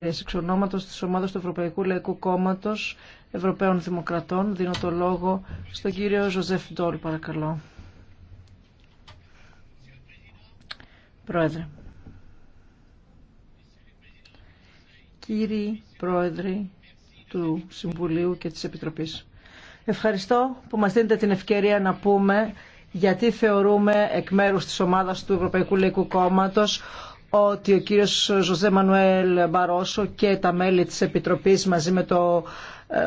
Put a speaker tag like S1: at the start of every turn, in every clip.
S1: εξ ονόματος της ομάδας του Ευρωπαϊκού Λαϊκού Κόμματος Ευρωπαίων Δημοκρατών δίνω το λόγο στον κύριο Ζωζεφ Ντόλ παρακαλώ. Πρόεδρε. Κύριοι Πρόεδροι του Συμβουλίου και της Επιτροπής. Ευχαριστώ που μας δίνετε την ευκαιρία να πούμε γιατί θεωρούμε εκ μέρους της ομάδας του Ευρωπαϊκού Λαϊκού Κόμματος ότι ο κύριος Ζωζέ Μανουέλ Μπαρόσο και τα μέλη της Επιτροπής μαζί με το ε,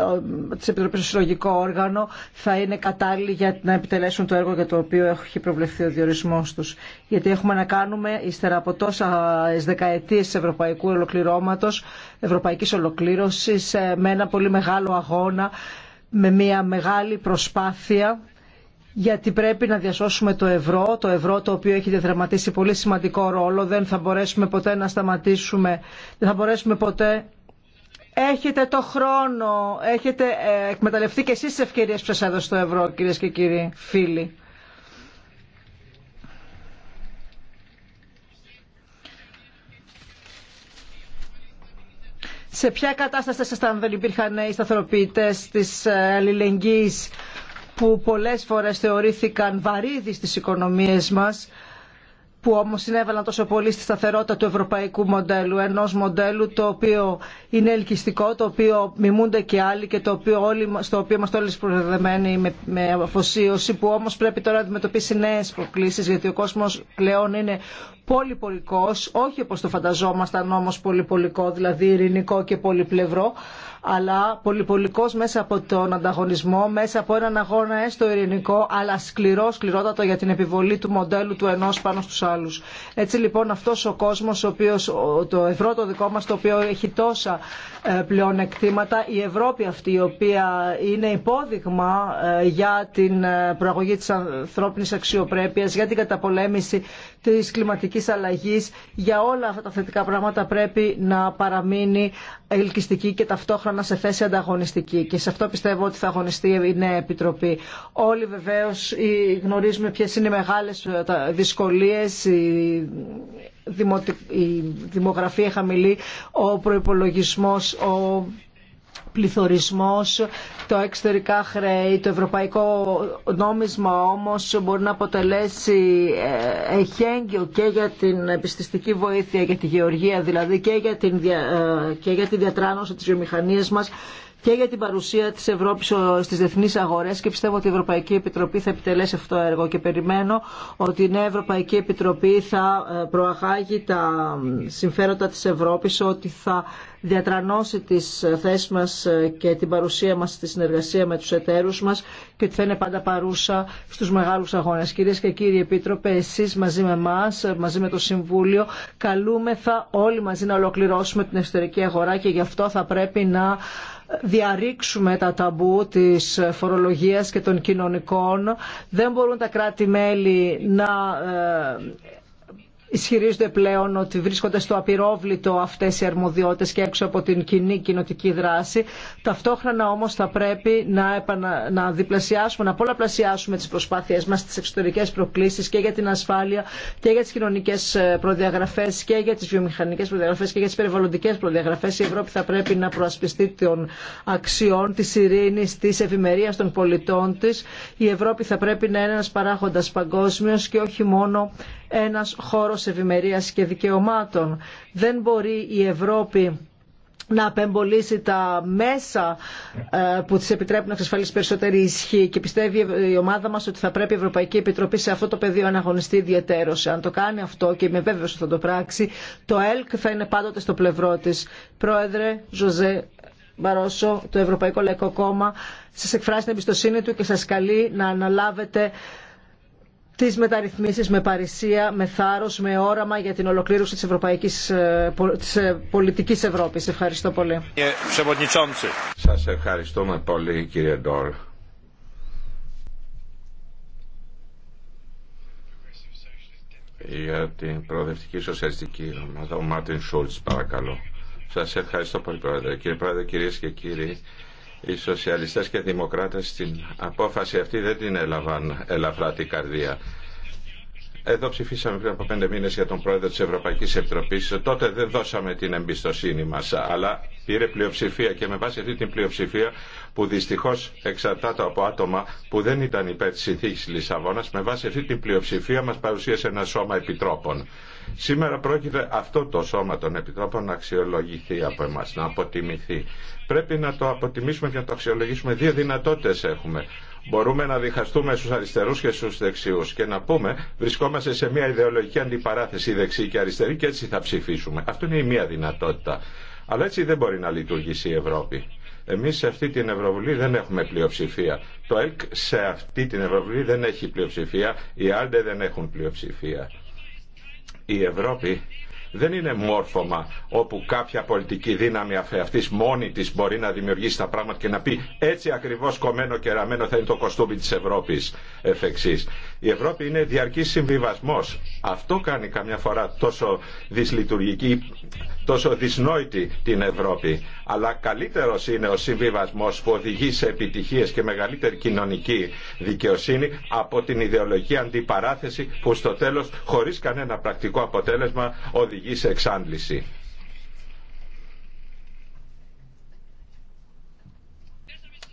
S1: της Επιτροπής Συλλογικό Όργανο θα είναι κατάλληλοι για να επιτελέσουν το έργο για το οποίο έχει προβλεφθεί ο διορισμός τους. Γιατί έχουμε να κάνουμε, ύστερα από τόσα δεκαετίες ευρωπαϊκού ολοκληρώματος, ευρωπαϊκής ολοκλήρωσης, ε, με ένα πολύ μεγάλο αγώνα, με μια μεγάλη προσπάθεια γιατί πρέπει να διασώσουμε το ευρώ, το ευρώ το οποίο έχει διαδραματίσει πολύ σημαντικό ρόλο, δεν θα μπορέσουμε ποτέ να σταματήσουμε, δεν θα μπορέσουμε ποτέ... Έχετε το χρόνο, έχετε ε, εκμεταλλευτεί και εσείς τις ευκαιρίες που σας έδωσε το ευρώ, κυρίες και κύριοι φίλοι. Σε ποια κατάσταση ήταν, δεν υπήρχαν οι σταθεροποιητές της ε, αλληλεγγύης που πολλές φορές θεωρήθηκαν βαρύδι στις οικονομίες μας που όμως συνέβαλαν τόσο πολύ στη σταθερότητα του ευρωπαϊκού μοντέλου, ενός μοντέλου το οποίο είναι ελκυστικό, το οποίο μιμούνται και άλλοι και το οποίο όλοι, στο οποίο είμαστε όλοι προεδεμένοι με, με αφοσίωση, που όμως πρέπει τώρα να αντιμετωπίσει νέες προκλήσεις, γιατί ο κόσμος πλέον είναι πολυπολικός, όχι όπως το φανταζόμασταν όμως πολυπολικό, δηλαδή ειρηνικό και πολυπλευρό, αλλά πολυπολικός μέσα από τον ανταγωνισμό, μέσα από έναν αγώνα έστω ειρηνικό, αλλά σκληρό, σκληρότατο για την επιβολή του μοντέλου του ενός πάνω στους άλλους. Έτσι λοιπόν αυτός ο κόσμος, το ευρώ το δικό μας, το οποίο έχει τόσα ε, πλέον εκτήματα, η Ευρώπη αυτή η οποία είναι υπόδειγμα ε, για την ε, προαγωγή της ανθρώπινης αξιοπρέπειας, για την καταπολέμηση της κλιματικής αλλαγής. Για όλα αυτά τα θετικά πράγματα πρέπει να παραμείνει ελκυστική και ταυτόχρονα σε θέση ανταγωνιστική. Και σε αυτό πιστεύω ότι θα αγωνιστεί η νέα Επιτροπή. Όλοι βεβαίως γνωρίζουμε ποιες είναι οι μεγάλες ε, δυσκολίες, η δημογραφία χαμηλή, ο προϋπολογισμός, ο πληθωρισμός το εξωτερικά χρέη, το ευρωπαϊκό νόμισμα όμως μπορεί να αποτελέσει ε, εχέγγυο και για την επιστηστική βοήθεια, για τη γεωργία δηλαδή και για την, ε, και διατράνωση της βιομηχανίας μας και για την παρουσία της Ευρώπης στις διεθνείς αγορές και πιστεύω ότι η Ευρωπαϊκή Επιτροπή θα επιτελέσει αυτό το έργο και περιμένω ότι η Νέα Ευρωπαϊκή Επιτροπή θα ε, προαγάγει τα συμφέροντα της Ευρώπης, ότι θα διατρανώσει τις θέσεις μας ε, και την παρουσία μας στη συνεργασία με τους εταίρους μας και ότι θα είναι πάντα παρούσα στους μεγάλους αγώνες. Κυρίες και κύριοι Επίτροπε, εσείς μαζί με εμά, ε, μαζί με το Συμβούλιο, καλούμεθα όλοι μαζί να ολοκληρώσουμε την εσωτερική αγορά και γι' αυτό θα πρέπει να διαρρήξουμε τα ταμπού της φορολογίας και των κοινωνικών. Δεν μπορούν τα κράτη-μέλη να ε, ισχυρίζονται πλέον ότι βρίσκονται στο απειρόβλητο αυτές οι αρμοδιότητες και έξω από την κοινή κοινοτική δράση. Ταυτόχρονα όμως θα πρέπει να, να διπλασιάσουμε, να πολλαπλασιάσουμε τις προσπάθειές μας τι εξωτερικές προκλήσεις και για την ασφάλεια και για τις κοινωνικές ε, προδιαγραφές και για τις βιομηχανικές προδιαγραφές και για τις περιβαλλοντικές προδιαγραφές. Η Ευρώπη θα πρέπει να προασπιστεί των αξιών, τη ειρήνης, τη ευημερία των πολιτών τη. Η Ευρώπη θα πρέπει να είναι ένα παράγοντα παγκόσμιο και όχι μόνο ένας χώρος ευημερία και δικαιωμάτων. Δεν μπορεί η Ευρώπη να απεμπολίσει τα μέσα ε, που της επιτρέπουν να εξασφαλίσει περισσότερη ισχύ και πιστεύει η ομάδα μας ότι θα πρέπει η Ευρωπαϊκή Επιτροπή σε αυτό το πεδίο να αγωνιστεί ιδιαίτερως. Αν το κάνει αυτό και είμαι βέβαιο ότι θα το πράξει, το ΕΛΚ θα είναι πάντοτε στο πλευρό της. Πρόεδρε Ζωζέ Μπαρόσο, το Ευρωπαϊκό Λαϊκό Κόμμα, σας εκφράζει την εμπιστοσύνη του και σας καλεί να αναλάβετε τι μεταρρυθμίσει με παρησία, με θάρρο, με όραμα για την ολοκλήρωση τη Ευρωπαϊκή της ε, ε, πολιτικής Ευρώπης. Ευχαριστώ πολύ.
S2: Σα ευχαριστούμε πολύ κύριε Ντόρ. για την προοδευτική σοσιαλιστική ομάδα, ο Μάρτιν Σούλτ, παρακαλώ. Σα ευχαριστώ πολύ, Πρόεδρε. Κύριε Πρόεδρε, κυρίε και κύριοι, οι σοσιαλιστές και δημοκράτες την απόφαση αυτή δεν την έλαβαν ελαφρά την καρδία. Εδώ ψηφίσαμε πριν από πέντε μήνες για τον πρόεδρο της Ευρωπαϊκής Επιτροπής. Τότε δεν δώσαμε την εμπιστοσύνη μας, αλλά πήρε πλειοψηφία και με βάση αυτή την πλειοψηφία που δυστυχώ εξαρτάται από άτομα που δεν ήταν υπέρ τη συνθήκη Λισαβόνα, με βάση αυτή την πλειοψηφία μα παρουσίασε ένα σώμα επιτρόπων. Σήμερα πρόκειται αυτό το σώμα των επιτρόπων να αξιολογηθεί από εμά, να αποτιμηθεί. Πρέπει να το αποτιμήσουμε και να το αξιολογήσουμε. Δύο δυνατότητε έχουμε. Μπορούμε να διχαστούμε στου αριστερού και στου δεξιού και να πούμε βρισκόμαστε σε μια ιδεολογική αντιπαράθεση δεξί και αριστερή, και έτσι θα ψηφίσουμε. Αυτό είναι η μία δυνατότητα. Αλλά έτσι δεν μπορεί να λειτουργήσει η Ευρώπη. Εμείς σε αυτή την Ευρωβουλή δεν έχουμε πλειοψηφία. Το ΕΛΚ σε αυτή την Ευρωβουλή δεν έχει πλειοψηφία. Οι Άλντε δεν έχουν πλειοψηφία. Η Ευρώπη δεν είναι μόρφωμα όπου κάποια πολιτική δύναμη αυτή μόνη τη μπορεί να δημιουργήσει τα πράγματα και να πει έτσι ακριβώ κομμένο και ραμμένο θα είναι το κοστούμι τη Ευρώπη εφ' εξής. Η Ευρώπη είναι διαρκή συμβιβασμό. Αυτό κάνει καμιά φορά τόσο δυσλειτουργική, τόσο δυσνόητη την Ευρώπη. Αλλά καλύτερο είναι ο συμβιβασμό που οδηγεί σε επιτυχίε και μεγαλύτερη κοινωνική δικαιοσύνη από την ιδεολογική αντιπαράθεση που στο τέλο χωρί κανένα πρακτικό αποτέλεσμα οδηγεί οδηγεί σε εξάντληση.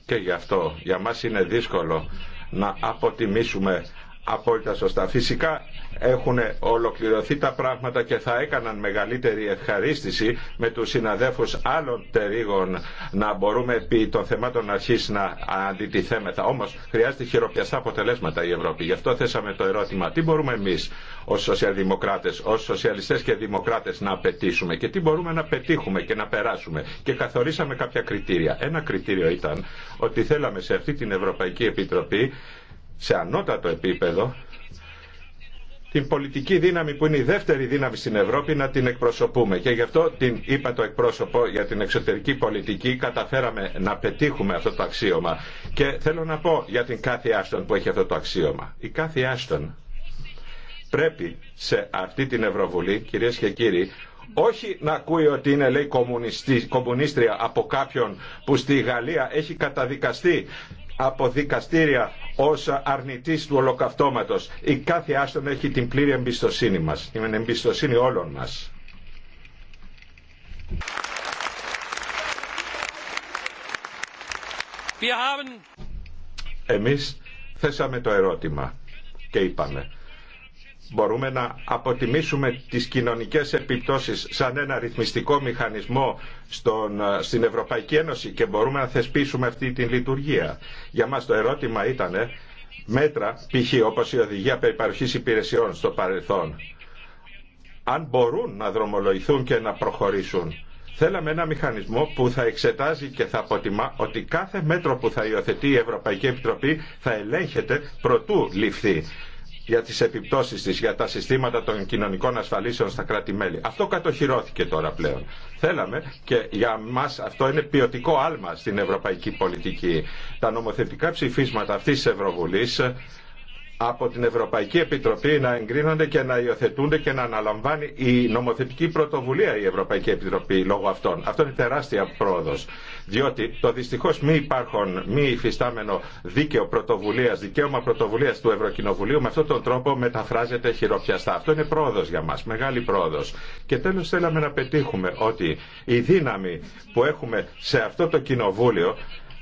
S2: Και γι' αυτό για μας είναι δύσκολο να αποτιμήσουμε απόλυτα σωστά. Φυσικά έχουν ολοκληρωθεί τα πράγματα και θα έκαναν μεγαλύτερη ευχαρίστηση με τους συναδέφους άλλων τερίγων να μπορούμε επί των θεμάτων αρχίσει να αντιτιθέμεθα. Όμως χρειάζεται χειροπιαστά αποτελέσματα η Ευρώπη. Γι' αυτό θέσαμε το ερώτημα τι μπορούμε εμείς ως σοσιαλδημοκράτες, ως σοσιαλιστές και δημοκράτες να απαιτήσουμε και τι μπορούμε να πετύχουμε και να περάσουμε. Και καθορίσαμε κάποια κριτήρια. Ένα κριτήριο ήταν ότι θέλαμε σε αυτή την Ευρωπαϊκή Επιτροπή σε ανώτατο επίπεδο την πολιτική δύναμη που είναι η δεύτερη δύναμη στην Ευρώπη να την εκπροσωπούμε. Και γι' αυτό την είπα το εκπρόσωπο για την εξωτερική πολιτική, καταφέραμε να πετύχουμε αυτό το αξίωμα. Και θέλω να πω για την κάθε Άστον που έχει αυτό το αξίωμα. Η κάθε Άστον πρέπει σε αυτή την Ευρωβουλή, κυρίες και κύριοι, όχι να ακούει ότι είναι λέει κομμουνίστρια από κάποιον που στη Γαλλία έχει καταδικαστεί από δικαστήρια ως αρνητής του ολοκαυτώματος. Η κάθε άστον έχει την πλήρη εμπιστοσύνη μας, Είναι εμπιστοσύνη όλων μας. Εμείς θέσαμε το ερώτημα και είπαμε μπορούμε να αποτιμήσουμε τις κοινωνικές επιπτώσεις σαν ένα ρυθμιστικό μηχανισμό στον, ε, στην Ευρωπαϊκή Ένωση και μπορούμε να θεσπίσουμε αυτή την λειτουργία. Για μας το ερώτημα ήταν μέτρα, π.χ. όπως η Οδηγία Περιπαροχής Υπηρεσιών στο παρελθόν, αν μπορούν να δρομολογηθούν και να προχωρήσουν. Θέλαμε ένα μηχανισμό που θα εξετάζει και θα αποτιμά ότι κάθε μέτρο που θα υιοθετεί η Ευρωπαϊκή Επιτροπή θα ελέγχεται προτού ληφθεί για τις επιπτώσεις της, για τα συστήματα των κοινωνικών ασφαλίσεων στα κράτη-μέλη. Αυτό κατοχυρώθηκε τώρα πλέον. Θέλαμε και για μας αυτό είναι ποιοτικό άλμα στην ευρωπαϊκή πολιτική. Τα νομοθετικά ψηφίσματα αυτής της Ευρωβουλής από την Ευρωπαϊκή Επιτροπή να εγκρίνονται και να υιοθετούνται και να αναλαμβάνει η νομοθετική πρωτοβουλία η Ευρωπαϊκή Επιτροπή λόγω αυτών. Αυτό είναι τεράστια πρόοδο. Διότι το δυστυχώ μη υπάρχον, μη υφιστάμενο δίκαιο πρωτοβουλία, δικαίωμα πρωτοβουλία του Ευρωκοινοβουλίου με αυτόν τον τρόπο μεταφράζεται χειροπιαστά. Αυτό είναι πρόοδο για μα, μεγάλη πρόοδο. Και τέλο θέλαμε να πετύχουμε ότι η δύναμη που έχουμε σε αυτό το κοινοβούλιο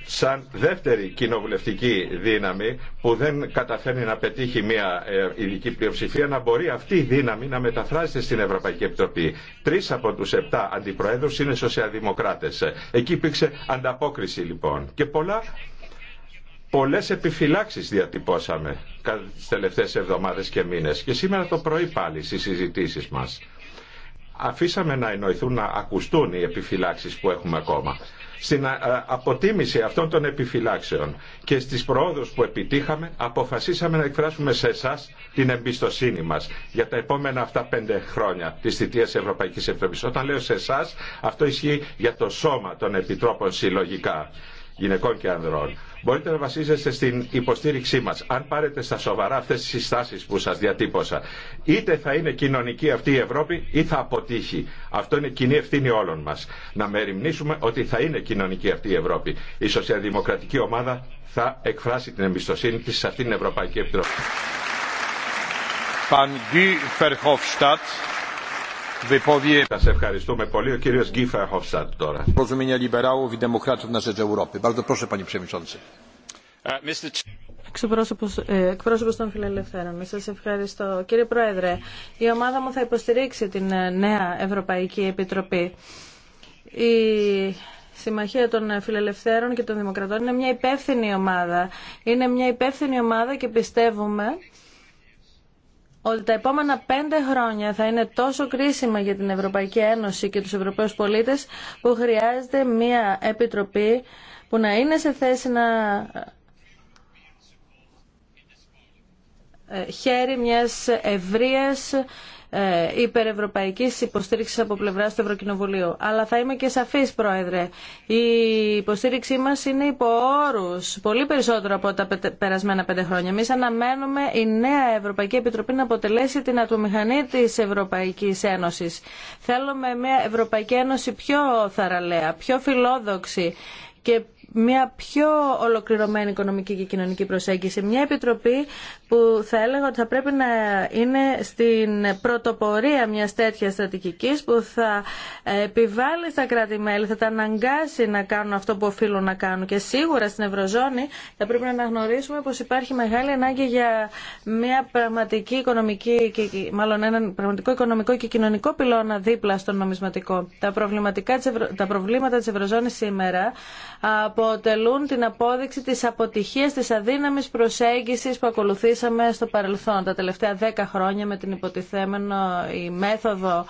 S2: σαν δεύτερη κοινοβουλευτική δύναμη που δεν καταφέρνει να πετύχει μια ε, ειδική πλειοψηφία να μπορεί αυτή η δύναμη να μεταφράζεται στην Ευρωπαϊκή Επιτροπή. Τρει από του επτά αντιπροέδρου είναι σοσιαλδημοκράτε. Εκεί υπήρξε ανταπόκριση λοιπόν. Και πολλά πολλές επιφυλάξεις διατυπώσαμε τις τελευταίες εβδομάδες και μήνες και σήμερα το πρωί πάλι στις συζητήσεις μας. Αφήσαμε να εννοηθούν να ακουστούν οι επιφυλάξεις που έχουμε ακόμα στην ε, αποτίμηση αυτών των επιφυλάξεων και στις προόδους που επιτύχαμε αποφασίσαμε να εκφράσουμε σε εσά την εμπιστοσύνη μας για τα επόμενα αυτά πέντε χρόνια της θητείας Ευρωπαϊκής Επιτροπής. Όταν λέω σε εσά, αυτό ισχύει για το σώμα των επιτρόπων συλλογικά γυναικών και ανδρών μπορείτε να βασίζεστε στην υποστήριξή μας. Αν πάρετε στα σοβαρά αυτές τις συστάσεις που σας διατύπωσα, είτε θα είναι κοινωνική αυτή η Ευρώπη ή θα αποτύχει. Αυτό είναι κοινή ευθύνη όλων μας. Να μεριμνήσουμε ότι θα είναι κοινωνική αυτή η Ευρώπη. Η σοσιαλδημοκρατική ομάδα θα εκφράσει την εμπιστοσύνη της σε αυτήν την Ευρωπαϊκή Επιτροπή. Σα ευχαριστούμε πολύ. Ο κύριος Γκίφερ Χοφστάτ τώρα. Ε,
S3: εκπρόσωπος, ε, εκπρόσωπος των Φιλελευθέρων. Σας ευχαριστώ. Κύριε Πρόεδρε, η ομάδα μου θα υποστηρίξει την ε, νέα Ευρωπαϊκή Επιτροπή. Η Συμμαχία των Φιλελευθέρων και των Δημοκρατών είναι μια υπεύθυνη ομάδα. Είναι μια υπεύθυνη ομάδα και πιστεύουμε ότι τα επόμενα πέντε χρόνια θα είναι τόσο κρίσιμα για την Ευρωπαϊκή Ένωση και τους Ευρωπαίους πολίτες που χρειάζεται μια επιτροπή που να είναι σε θέση να ε, χέρι μιας ευρείας ε, υπερευρωπαϊκής υποστήριξης από πλευράς του Ευρωκοινοβουλίου. Αλλά θα είμαι και σαφής, Πρόεδρε. Η υποστήριξή μας είναι υπό όρους, πολύ περισσότερο από τα περασμένα πέντε χρόνια. Εμείς αναμένουμε η νέα Ευρωπαϊκή Επιτροπή να αποτελέσει την ατομηχανή της Ευρωπαϊκής Ένωσης. Θέλουμε μια Ευρωπαϊκή Ένωση πιο θαραλέα, πιο φιλόδοξη και μια πιο ολοκληρωμένη οικονομική και κοινωνική προσέγγιση. Μια επιτροπή που θα έλεγα ότι θα πρέπει να είναι στην πρωτοπορία μια τέτοια στρατηγική που θα επιβάλλει στα κράτη-μέλη, θα τα αναγκάσει να κάνουν αυτό που οφείλουν να κάνουν. Και σίγουρα στην Ευρωζώνη θα πρέπει να αναγνωρίσουμε πω υπάρχει μεγάλη ανάγκη για μια πραγματική οικονομική, και μάλλον έναν πραγματικό οικονομικό και κοινωνικό πυλώνα δίπλα στον νομισματικό. Τα, προβλήματα τη Ευρωζώνη σήμερα από αποτελούν την απόδειξη της αποτυχίας της αδύναμης προσέγγισης που ακολουθήσαμε στο παρελθόν τα τελευταία δέκα χρόνια με την υποτιθέμενο η μέθοδο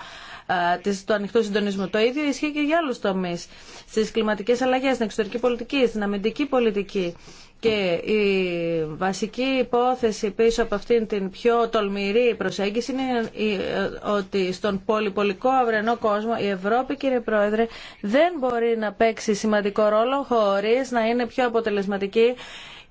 S3: ε, του ανοιχτού συντονισμού. Το ίδιο ισχύει και για άλλου τομεί. Στι κλιματικέ αλλαγέ, στην εξωτερική πολιτική, στην αμυντική πολιτική. Και η βασική υπόθεση πίσω από αυτήν την πιο τολμηρή προσέγγιση είναι ε, ότι στον πολυπολικό αυρενό κόσμο η Ευρώπη, κύριε Πρόεδρε, δεν μπορεί να παίξει σημαντικό ρόλο χωρίς να είναι πιο αποτελεσματική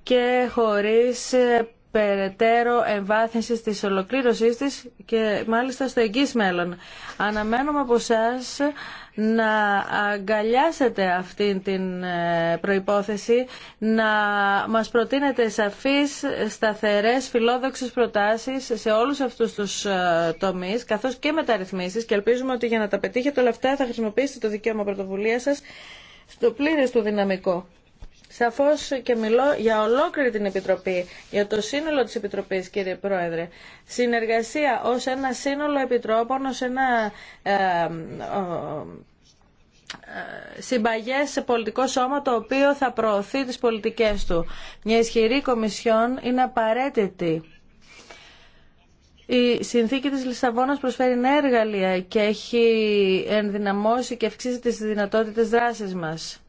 S3: και χωρίς ε, περαιτέρω εμβάθυνση τη ολοκλήρωση της και μάλιστα στο εγγύ μέλλον. Αναμένουμε από εσά να αγκαλιάσετε αυτή την ε, προϋπόθεση, να μας προτείνετε σαφείς, σταθερές, φιλόδοξες προτάσεις σε όλους αυτούς τους ε, τομείς, καθώς και μεταρρυθμίσεις και ελπίζουμε ότι για να τα πετύχετε όλα αυτά θα χρησιμοποιήσετε το δικαίωμα πρωτοβουλία σας στο πλήρες του δυναμικό. Σαφώς και μιλώ για ολόκληρη την Επιτροπή, για το σύνολο της Επιτροπής κύριε Πρόεδρε. Συνεργασία ως ένα σύνολο επιτρόπων, ως ένα ε, ε πολιτικό σώμα το οποίο θα προωθεί τις πολιτικές του. Μια ισχυρή κομισιόν είναι απαραίτητη. Η συνθήκη της Λισαβόνας προσφέρει νέα εργαλεία και έχει ενδυναμώσει και αυξήσει τις δυνατότητες δράσης μας.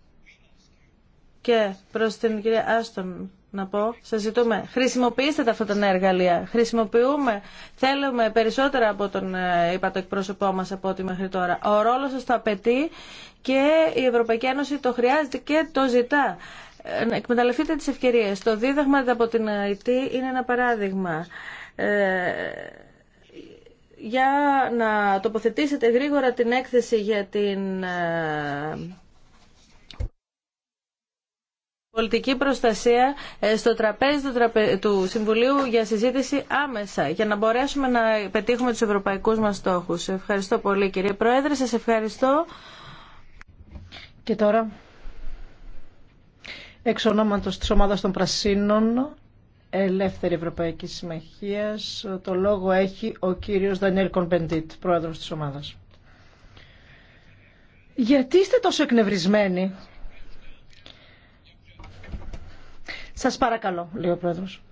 S3: Και προς την κυρία Άστον να πω, σας ζητούμε, χρησιμοποιήστε τα αυτά τα εργαλεία. Χρησιμοποιούμε, θέλουμε περισσότερα από τον ε, είπα το εκπρόσωπό μας από ό,τι μέχρι τώρα. Ο ρόλος σας το απαιτεί και η Ευρωπαϊκή Ένωση το χρειάζεται και το ζητά. Ε, εκμεταλλευτείτε τις ευκαιρίες. Το δίδαγμα από την ΑΕΤ είναι ένα παράδειγμα. Ε, για να τοποθετήσετε γρήγορα την έκθεση για την ε, πολιτική προστασία ε, στο τραπέζι του Συμβουλίου για συζήτηση άμεσα για να μπορέσουμε να πετύχουμε τους ευρωπαϊκούς μας στόχους. Ευχαριστώ πολύ κύριε Πρόεδρε, σας ευχαριστώ.
S1: Και τώρα, εξ ονόματος της Ομάδας των Πρασίνων, Ελεύθερη Ευρωπαϊκή Συμμαχία, το λόγο έχει ο κύριος Δανιέλ Κονπεντίτ, πρόεδρος της ομάδας. Γιατί είστε τόσο εκνευρισμένοι, Σας παρακαλώ, λέει ο Πρόεδρος.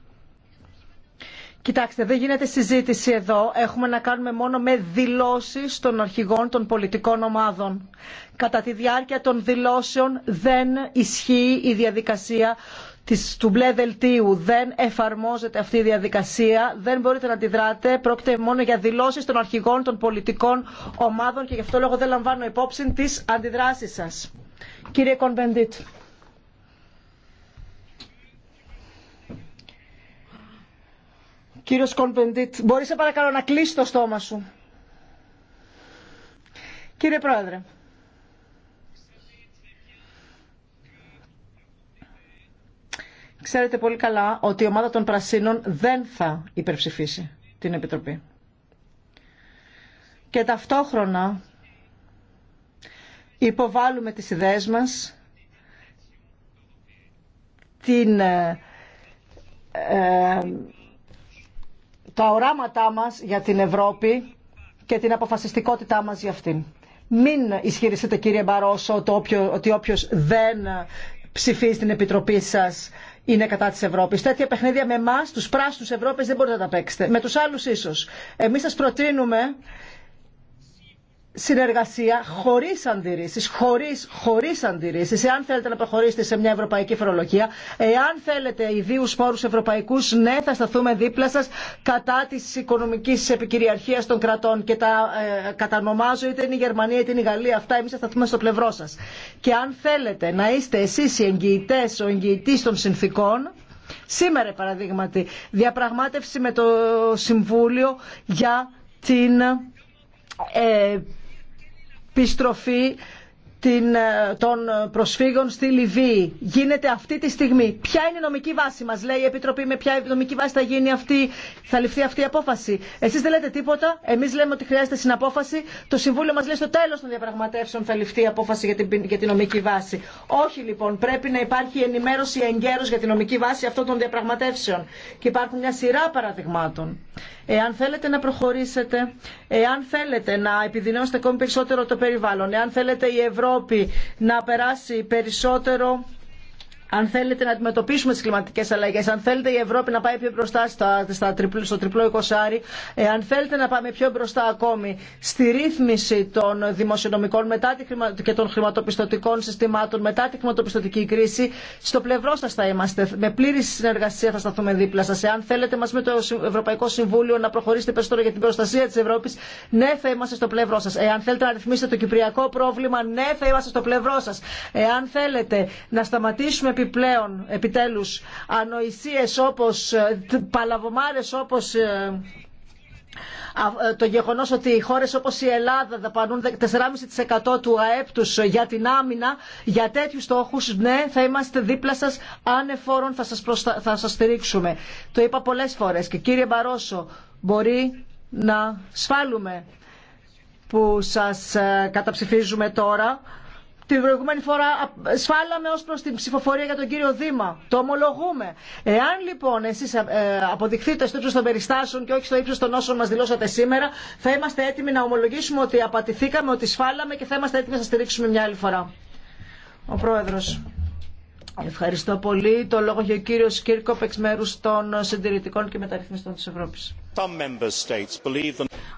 S1: Κοιτάξτε, δεν γίνεται συζήτηση εδώ. Έχουμε να κάνουμε μόνο με δηλώσει των αρχηγών των πολιτικών ομάδων. Κατά τη διάρκεια των δηλώσεων δεν ισχύει η διαδικασία της, του μπλε δελτίου. Δεν εφαρμόζεται αυτή η διαδικασία. Δεν μπορείτε να αντιδράτε. Πρόκειται μόνο για δηλώσει των αρχηγών των πολιτικών ομάδων και γι' αυτό λόγο δεν λαμβάνω υπόψη τι αντιδράσει σα. Κύριε Κονβεντήτ. Κύριος Κολπεντίτ, μπορείς σε παρακαλώ να κλείσει το στόμα σου. Κύριε Πρόεδρε. Ξέρετε πολύ καλά ότι η ομάδα των Πρασίνων δεν θα υπερψηφίσει την Επιτροπή. Και ταυτόχρονα υποβάλλουμε τις ιδέες μας, την ε, ε, τα οράματά μας για την Ευρώπη και την αποφασιστικότητά μας για αυτήν. Μην ισχυριστείτε κύριε Μπαρόσο ότι όποιος δεν ψηφίσει την Επιτροπή σας είναι κατά της Ευρώπης. Τέτοια παιχνίδια με εμά, του πράσινου Ευρώπης, δεν μπορείτε να τα παίξετε. Με τους άλλους ίσως. Εμεί σα προτείνουμε συνεργασία χωρί αντιρρήσει, χωρί χωρίς αντιρρήσει. Εάν θέλετε να προχωρήσετε σε μια ευρωπαϊκή φορολογία, εάν θέλετε ιδίου σπόρους Ευρωπαϊκού, ναι, θα σταθούμε δίπλα σα κατά τη οικονομική επικυριαρχίας των κρατών και τα ε, κατανομάζω είτε είναι η Γερμανία είτε είναι η Γαλλία, αυτά εμεί θα σταθούμε στο πλευρό σα. Και αν θέλετε να είστε εσεί οι εγγυητέ, ο εγγυητή των συνθήκων, σήμερα παραδείγματι, διαπραγμάτευση με το Συμβούλιο για την... Ε, επιστροφή ε, των προσφύγων στη Λιβύη γίνεται αυτή τη στιγμή. Ποια είναι η νομική βάση μας λέει η Επιτροπή με ποια νομική βάση θα, γίνει αυτή, θα ληφθεί αυτή η απόφαση. Εσείς δεν λέτε τίποτα, εμείς λέμε ότι χρειάζεται συναπόφαση. Το Συμβούλιο μας λέει στο τέλος των διαπραγματεύσεων θα ληφθεί η απόφαση για την, για την νομική βάση. Όχι λοιπόν, πρέπει να υπάρχει ενημέρωση εγκαίρως για την νομική βάση αυτών των διαπραγματεύσεων. Και υπάρχουν μια σειρά παραδειγμάτων. Εάν θέλετε να προχωρήσετε, εάν θέλετε να επιδεινώσετε ακόμη περισσότερο το περιβάλλον, εάν θέλετε η Ευρώπη να περάσει περισσότερο αν θέλετε να αντιμετωπίσουμε τι κλιματικέ αλλαγέ, αν θέλετε η Ευρώπη να πάει πιο μπροστά στα, στα τριπλ, στο τριπλό εικοσάρι, ε, αν θέλετε να πάμε πιο μπροστά ακόμη στη ρύθμιση των δημοσιονομικών μετά τη, και των χρηματοπιστωτικών συστημάτων μετά τη χρηματοπιστωτική κρίση, στο πλευρό σα θα είμαστε. Με πλήρη συνεργασία θα σταθούμε δίπλα σα. Εάν θέλετε μαζί με το Ευρωπαϊκό Συμβούλιο να προχωρήσετε περισσότερο για την προστασία τη Ευρώπη, ναι θα είμαστε στο πλευρό σα. Εάν θέλετε να ρυθμίσετε το κυπριακό πρόβλημα, ναι θα είμαστε στο πλευρό σα. Εάν θέλετε να σταματήσουμε επιπλέον επιτέλους ανοησίες όπως παλαβομάρες όπως ε, ε, το γεγονός ότι οι χώρες όπως η Ελλάδα δαπανούν 4,5% του ΑΕΠ τους για την άμυνα, για τέτοιους στόχους, ναι, θα είμαστε δίπλα σας ανεφόρον, θα σας, θα σας στηρίξουμε. Το είπα πολλές φορές και κύριε Μπαρόσο, μπορεί να σφάλουμε που σας ε, καταψηφίζουμε τώρα, την προηγούμενη φορά σφάλαμε ως προς την ψηφοφορία για τον κύριο Δήμα. Το ομολογούμε. Εάν λοιπόν εσείς ε, ε, αποδειχθείτε στο ύψος των περιστάσεων και όχι στο ύψος των όσων μας δηλώσατε σήμερα, θα είμαστε έτοιμοι να ομολογήσουμε ότι απατηθήκαμε, ότι σφάλαμε και θα είμαστε έτοιμοι να σας στηρίξουμε μια άλλη φορά. Ο Πρόεδρος. Ευχαριστώ πολύ. Το λόγο για ο κύριο Κίρκοπ εξ μέρου των συντηρητικών και μεταρρυθμιστών τη Ευρώπη.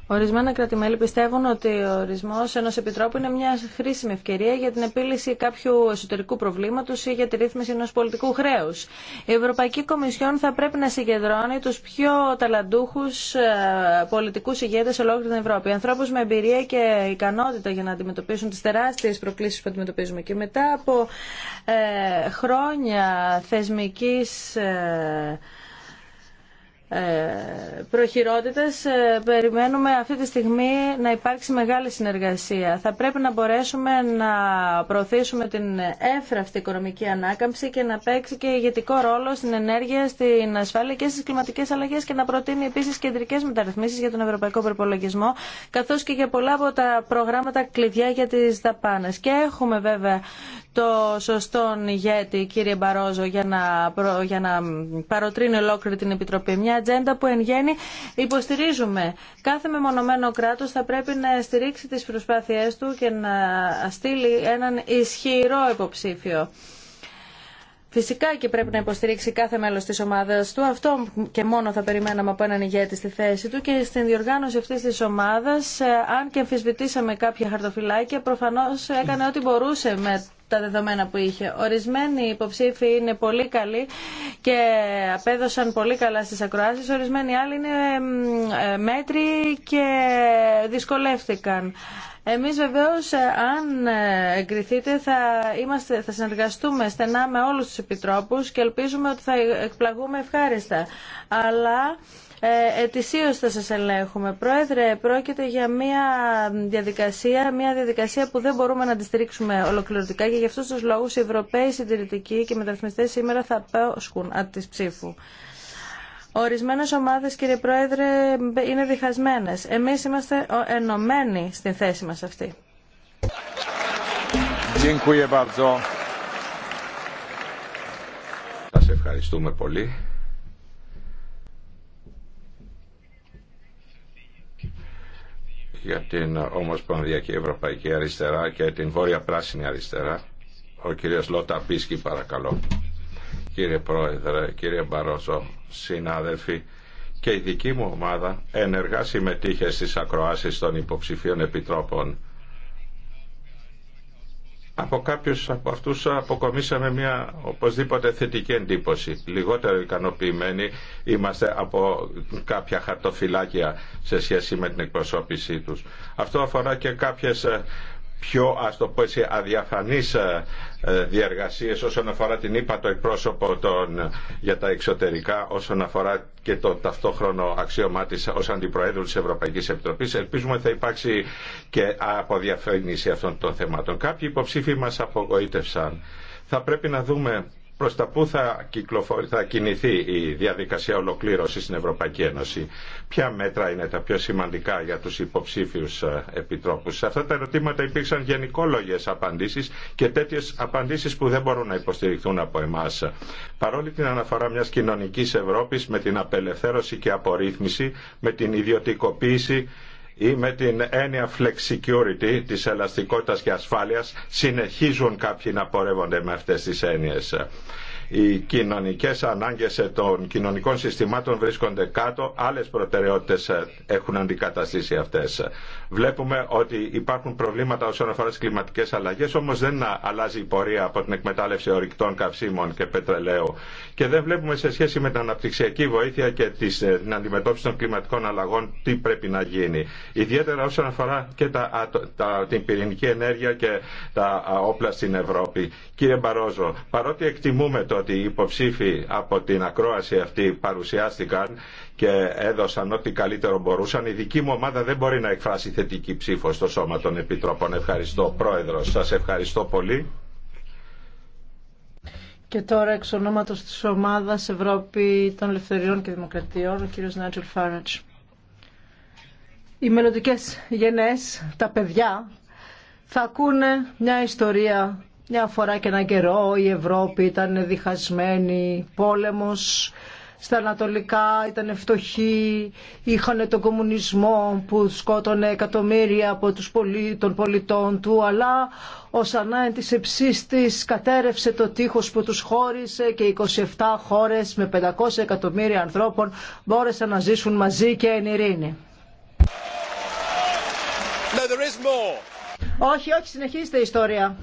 S3: Ορισμένα κρατημέλη πιστεύουν ότι ο ορισμό ενό επιτρόπου είναι μια χρήσιμη ευκαιρία για την επίλυση κάποιου εσωτερικού προβλήματο ή για τη ρύθμιση ενό πολιτικού χρέου. Η Ευρωπαϊκή Κομισιόν θα πρέπει να συγκεντρώνει του πιο ταλαντούχου ε, πολιτικού ηγέτε ολόκληρη την Ευρώπη. Ανθρώπου με εμπειρία και ικανότητα για να αντιμετωπίσουν τι τεράστιε προκλήσει που αντιμετωπίζουμε. Και μετά από ε, χρόνια θεσμική. Ε, ε, προχειρότητες ε, περιμένουμε αυτή τη στιγμή να υπάρξει μεγάλη συνεργασία. Θα πρέπει να μπορέσουμε να προωθήσουμε την έφραυτη οικονομική ανάκαμψη και να παίξει και ηγετικό ρόλο στην ενέργεια, στην ασφάλεια και στις κλιματικές αλλαγές και να προτείνει επίσης κεντρικές μεταρρυθμίσεις για τον ευρωπαϊκό προπολογισμό καθώς και για πολλά από τα προγράμματα κλειδιά για τις δαπάνες. Και έχουμε βέβαια το σωστόν ηγέτη, κύριε Μπαρόζο, για να, προ, για να παροτρύνει ολόκληρη την Επιτροπή. Μια ατζέντα που εν γέννη υποστηρίζουμε. Κάθε μεμονωμένο κράτος θα πρέπει να στηρίξει τις προσπάθειές του και να στείλει έναν ισχυρό υποψήφιο. Φυσικά και πρέπει να υποστηρίξει κάθε μέλος της ομάδας του. Αυτό και μόνο θα περιμέναμε από έναν ηγέτη στη θέση του και στην διοργάνωση αυτής της ομάδας, ε, αν και αμφισβητήσαμε κάποια χαρτοφυλάκια, προφανώς έκανε ό,τι μπορούσε με τα δεδομένα που είχε. Ορισμένοι υποψήφοι είναι πολύ καλοί και απέδωσαν πολύ καλά στις ακροάσεις. Ορισμένοι άλλοι είναι ε, μέτροι και δυσκολεύτηκαν. Εμείς βεβαίως ε, αν ε, εγκριθείτε θα, είμαστε, θα συνεργαστούμε στενά με όλους τους επιτρόπους και ελπίζουμε ότι θα εκπλαγούμε ευχάριστα. Αλλά ε, ετησίως θα σας ελέγχουμε. Πρόεδρε, πρόκειται για μια διαδικασία, μια διαδικασία που δεν μπορούμε να τη ολοκληρωτικά και γι' αυτούς τους λόγους οι Ευρωπαίοι συντηρητικοί και μεταρρυθμιστές σήμερα θα πέσχουν από τις ψήφου. Ορισμένε ομάδε, κύριε Πρόεδρε, είναι διχασμένε. Εμεί είμαστε ενωμένοι στην θέση μα αυτή.
S2: Σα ευχαριστούμε πολύ. για την Ομοσπονδιακή Ευρωπαϊκή Αριστερά και την Βόρεια Πράσινη Αριστερά. Ο κύριος Λότα Πίσκι παρακαλώ. Κύριε Πρόεδρε, κύριε Μπαρόζο, συνάδελφοι, και η δική μου ομάδα ενεργά συμμετείχε στις ακροάσεις των υποψηφίων επιτρόπων από κάποιους από αυτούς αποκομίσαμε μια οπωσδήποτε θετική εντύπωση. Λιγότερο ικανοποιημένοι είμαστε από κάποια χαρτοφυλάκια σε σχέση με την εκπροσώπησή τους. Αυτό αφορά και κάποιες ε, πιο ας το πω έτσι αδιαφανείς ε, ε, διεργασίες όσον αφορά την είπα το εκπρόσωπο των, για τα εξωτερικά όσον αφορά και το ταυτόχρονο αξίωμά της ως Αντιπροέδρου της Ευρωπαϊκής Επιτροπής. Ελπίζουμε ότι θα υπάρξει και αποδιαφήνιση αυτών των θεμάτων. Κάποιοι υποψήφοι μας απογοήτευσαν. Θα πρέπει να δούμε προς τα που θα, θα κινηθεί η διαδικασία ολοκλήρωσης στην Ευρωπαϊκή Ένωση. Ποια μέτρα είναι τα πιο σημαντικά για τους υποψήφιους ε, επιτρόπους. Σε αυτά τα ερωτήματα υπήρξαν γενικόλογες απαντήσεις και τέτοιες απαντήσεις που δεν μπορούν να υποστηριχθούν από εμάς. Παρόλη την αναφορά μιας κοινωνικής Ευρώπης με την απελευθέρωση και απορρίθμιση, με την ιδιωτικοποίηση ή με την έννοια flexicurity της ελαστικότητας και ασφάλειας συνεχίζουν κάποιοι να πορεύονται με αυτές τις έννοιες οι κοινωνικές ανάγκες των κοινωνικών συστημάτων βρίσκονται κάτω, άλλες προτεραιότητες ε, έχουν αντικαταστήσει αυτές. Βλέπουμε ότι υπάρχουν προβλήματα όσον αφορά τις κλιματικές αλλαγές, όμως δεν αλλάζει η πορεία από την εκμετάλλευση ορυκτών καυσίμων και πετρελαίου. Και δεν βλέπουμε σε σχέση με την αναπτυξιακή βοήθεια και ε, την αντιμετώπιση των κλιματικών αλλαγών τι πρέπει να γίνει. Ιδιαίτερα όσον αφορά και τα, τα, την πυρηνική ενέργεια και τα όπλα στην Ευρώπη. Κύριε Μπαρόζο, παρότι εκτιμούμε το ότι οι υποψήφοι από την ακρόαση αυτή παρουσιάστηκαν και έδωσαν ό,τι καλύτερο μπορούσαν. Η δική μου ομάδα δεν μπορεί να εκφράσει θετική ψήφο στο Σώμα των Επιτρόπων. Ευχαριστώ, Πρόεδρο. Σα ευχαριστώ πολύ.
S1: Και τώρα εξ ονόματο της ομάδας Ευρώπη των Ελευθεριών και Δημοκρατιών, ο κύριος Νάτζελ Φάρατζ. Οι μελλοντικέ γενναίε, τα παιδιά, θα ακούνε μια ιστορία μια φορά και έναν καιρό η Ευρώπη ήταν διχασμένη, πόλεμος στα ανατολικά ήταν φτωχοί, είχαν τον κομμουνισμό που σκότωνε εκατομμύρια από τους πολί, των πολιτών του, αλλά ο τη της Εψίστης κατέρευσε το τείχος που τους χώρισε και 27 χώρες με 500 εκατομμύρια ανθρώπων μπόρεσαν να ζήσουν μαζί και εν ειρήνη. Όχι, όχι, συνεχίζεται η ιστορία.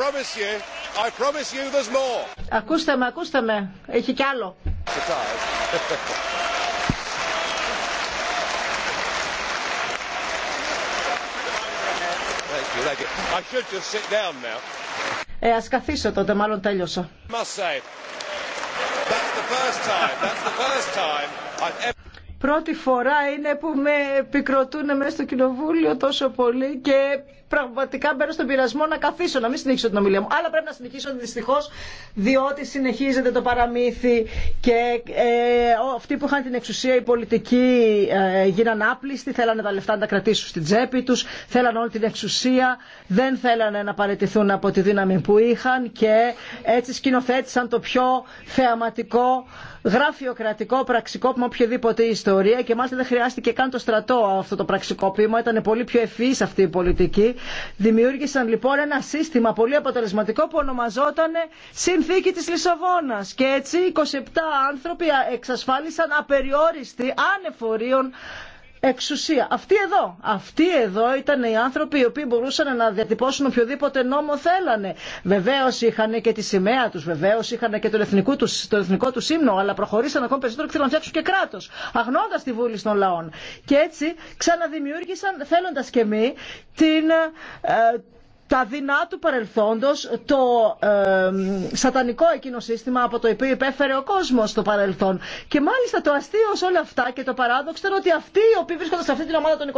S1: Ακούστε με, ακούστε με. Έχει κι άλλο. Ε, ας καθίσω τότε, μάλλον τέλειωσα. Πρώτη φορά είναι που με επικροτούν μέσα στο κοινοβούλιο τόσο πολύ και πραγματικά μπαίνω στον πειρασμό να καθίσω, να μην συνεχίσω την ομιλία μου. Αλλά πρέπει να συνεχίσω δυστυχώ, διότι συνεχίζεται το παραμύθι και ε, αυτοί που είχαν την εξουσία, οι πολιτικοί, ε, γίναν άπλιστοι, θέλανε τα λεφτά να τα κρατήσουν στην τσέπη του, θέλανε όλη την εξουσία, δεν θέλανε να παρετηθούν από τη δύναμη που είχαν και έτσι σκηνοθέτησαν το πιο θεαματικό γραφειοκρατικό πραξικόπημα οποιαδήποτε ιστορία και μάλιστα δεν χρειάστηκε καν το στρατό αυτό το πραξικόπημα, ήταν πολύ πιο ευφυή αυτή η πολιτική. Δημιούργησαν λοιπόν ένα σύστημα πολύ αποτελεσματικό που ονομαζόταν Συνθήκη της Λισαβόνα. και έτσι 27 άνθρωποι εξασφάλισαν απεριόριστη ανεφορίων εξουσία. Αυτοί εδώ, αυτοί εδώ ήταν οι άνθρωποι οι οποίοι μπορούσαν να διατυπώσουν οποιοδήποτε νόμο θέλανε. Βεβαίω είχαν και τη σημαία του, βεβαίω είχαν και το εθνικό του το εθνικό τους ύμνο, αλλά προχωρήσαν ακόμα περισσότερο και θέλουν να φτιάξουν και κράτο, αγνώντα τη βούλη των λαών. Και έτσι ξαναδημιούργησαν, θέλοντα και εμεί, την, ε, τα δεινά του παρελθόντος, το σατανικό εκείνο σύστημα από το οποίο υπέφερε ο κόσμος στο παρελθόν. Και μάλιστα το αστείο σε όλα αυτά και το παράδοξο ήταν ότι αυτοί οι οποίοι βρίσκονταν σε αυτή την ομάδα των 27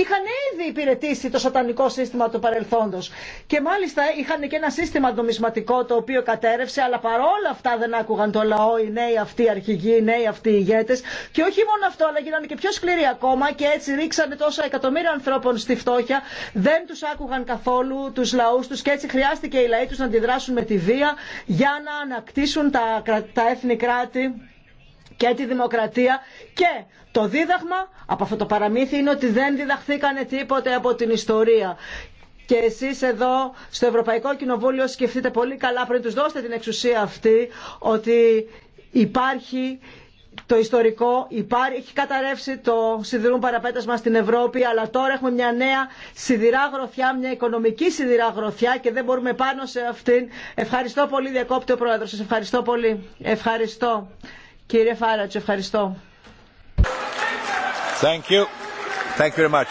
S1: είχαν ήδη υπηρετήσει το σατανικό σύστημα του παρελθόντος. Και μάλιστα είχαν και ένα σύστημα νομισματικό το οποίο κατέρευσε, αλλά παρόλα αυτά δεν άκουγαν το λαό οι νέοι αυτοί οι αρχηγοί, οι νέοι αυτοί οι ηγέτες. Και όχι μόνο αυτό, αλλά γίνανε και πιο σκληροί ακόμα και έτσι ρίξανε τόσα εκατομμύρια ανθρώπων στη φτώχεια, δεν τους άκουγαν καθόλου τους λαούς τους και έτσι χρειάστηκε οι λαοί τους να αντιδράσουν με τη βία για να ανακτήσουν τα, τα έθνη κράτη και τη δημοκρατία και το δίδαγμα από αυτό το παραμύθι είναι ότι δεν διδαχθήκανε τίποτε από την ιστορία. Και εσείς εδώ στο Ευρωπαϊκό Κοινοβούλιο σκεφτείτε πολύ καλά πριν τους δώσετε την εξουσία αυτή ότι υπάρχει το ιστορικό υπάρχει, έχει καταρρεύσει το σιδηρούν παραπέτασμα στην Ευρώπη, αλλά τώρα έχουμε μια νέα σιδηρά γροθιά, μια οικονομική σιδηρά γροθιά και δεν μπορούμε πάνω σε αυτήν. Ευχαριστώ πολύ, διακόπτει ο Πρόεδρος. σα ευχαριστώ πολύ. Ευχαριστώ. Κύριε Φάρατς, ευχαριστώ.
S2: Thank you. Thank you very much.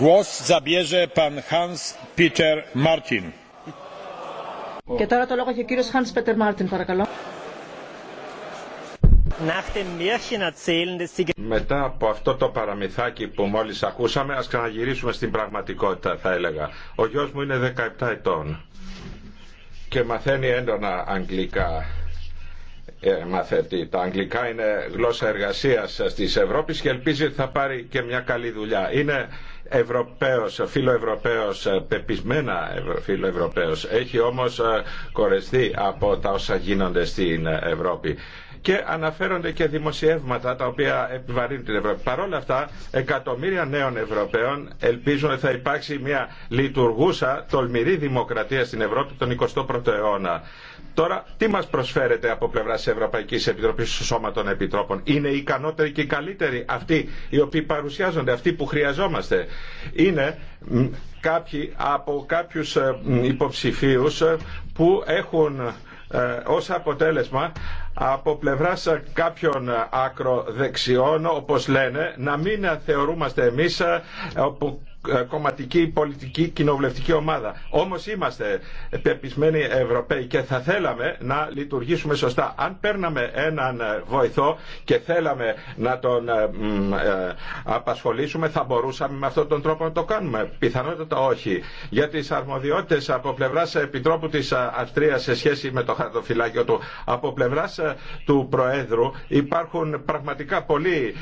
S2: Głos zabierze pan Hans Peter Martin.
S1: Oh. Και τώρα το λόγο έχει ο κύριος Χάνς Πέτερ Μάρτιν, παρακαλώ.
S2: Μετά από αυτό το παραμυθάκι που μόλις ακούσαμε, ας ξαναγυρίσουμε στην πραγματικότητα, θα έλεγα. Ο γιος μου είναι 17 ετών και μαθαίνει έντονα αγγλικά. Ε, Τα αγγλικά είναι γλώσσα εργασίας της Ευρώπης και ελπίζει ότι θα πάρει και μια καλή δουλειά. Ευρωπαίος, φιλοευρωπαίος, ε, πεπισμένα φιλοευρωπαίος. Έχει όμως ε, κορεστεί από τα όσα γίνονται στην ε, Ευρώπη και αναφέρονται και δημοσιεύματα τα οποία επιβαρύνουν την Ευρώπη. Παρ' όλα αυτά, εκατομμύρια νέων Ευρωπαίων ελπίζουν ότι θα υπάρξει μια λειτουργούσα, τολμηρή δημοκρατία στην Ευρώπη τον 21ο αιώνα. Τώρα, τι μα προσφέρεται από πλευρά τη Ευρωπαϊκή Επιτροπή στο Σώμα Επιτρόπων. Είναι οι ικανότεροι και οι καλύτεροι αυτοί οι οποίοι παρουσιάζονται, αυτοί που χρειαζόμαστε. Είναι κάποιοι από κάποιου ε, υποψηφίου ε, που έχουν ε, ως αποτέλεσμα από πλευράς κάποιων ακροδεξιών όπως λένε να μην θεωρούμαστε εμείς ε, κομματική πολιτική κοινοβουλευτική ομάδα. Όμω είμαστε πεπισμένοι Ευρωπαίοι και θα θέλαμε να λειτουργήσουμε σωστά. Αν παίρναμε έναν βοηθό και θέλαμε να τον ε, ε, απασχολήσουμε θα μπορούσαμε με αυτόν τον τρόπο να το κάνουμε. Πιθανότατα όχι. Για τι αρμοδιότητε από πλευρά Επιτρόπου τη Αυστρία σε σχέση με το χαρτοφυλάκιο του από πλευρά ε, του Προέδρου υπάρχουν πραγματικά πολύ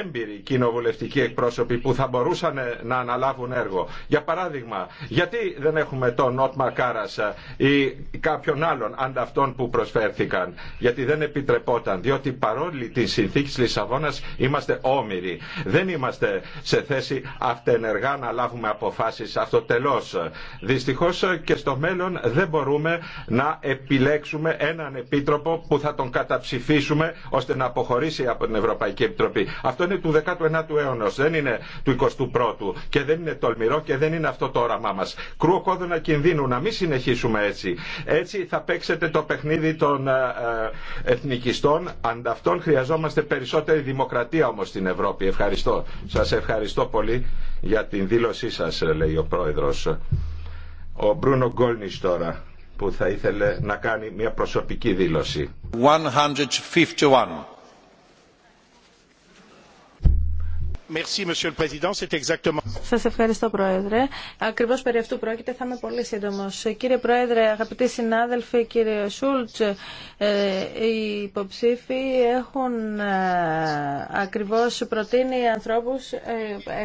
S2: έμπειροι κοινοβουλευτικοί εκπρόσωποι που θα μπορούσαν να να αναλάβουν έργο. Για παράδειγμα, γιατί δεν έχουμε τον Νότμα Κάρας ή κάποιον άλλον ανταυτών που προσφέρθηκαν. Γιατί δεν επιτρεπόταν. Διότι παρόλη τη συνθήκη τη Λισαβόνας είμαστε όμοιροι. Δεν είμαστε σε θέση αυτενεργά να λάβουμε αποφάσεις τελώς. Δυστυχώ, ε, και στο μέλλον δεν μπορούμε να επιλέξουμε έναν επίτροπο που θα τον καταψηφίσουμε ώστε να αποχωρήσει από την Ευρωπαϊκή Επιτροπή. Αυτό είναι του 19ου αιώνα, δεν είναι του 21ου και δεν είναι τολμηρό και δεν είναι αυτό το όραμά μα. Κρούω κινδύνου να μην συνεχίσουμε έτσι. Έτσι θα παίξετε το παιχνίδι των ε, ε, εθνικιστών. Ανταυτόν χρειαζόμαστε περισσότερη δημοκρατία όμω στην Ευρώπη. Ευχαριστώ. Σα ευχαριστώ πολύ για την δήλωσή σα, ε, λέει ο πρόεδρο. Ο Μπρούνο Γκόλνη τώρα που θα ήθελε να κάνει μια προσωπική δήλωση. 151. Σας ευχαριστώ
S3: Πρόεδρε. Ακριβώς περί αυτού πρόκειται, θα είμαι πολύ σύντομος. Κύριε Πρόεδρε, αγαπητοί συνάδελφοι, κύριε Σούλτς, ε, οι υποψήφοι έχουν ε, ακριβώς προτείνει ανθρώπους, ε,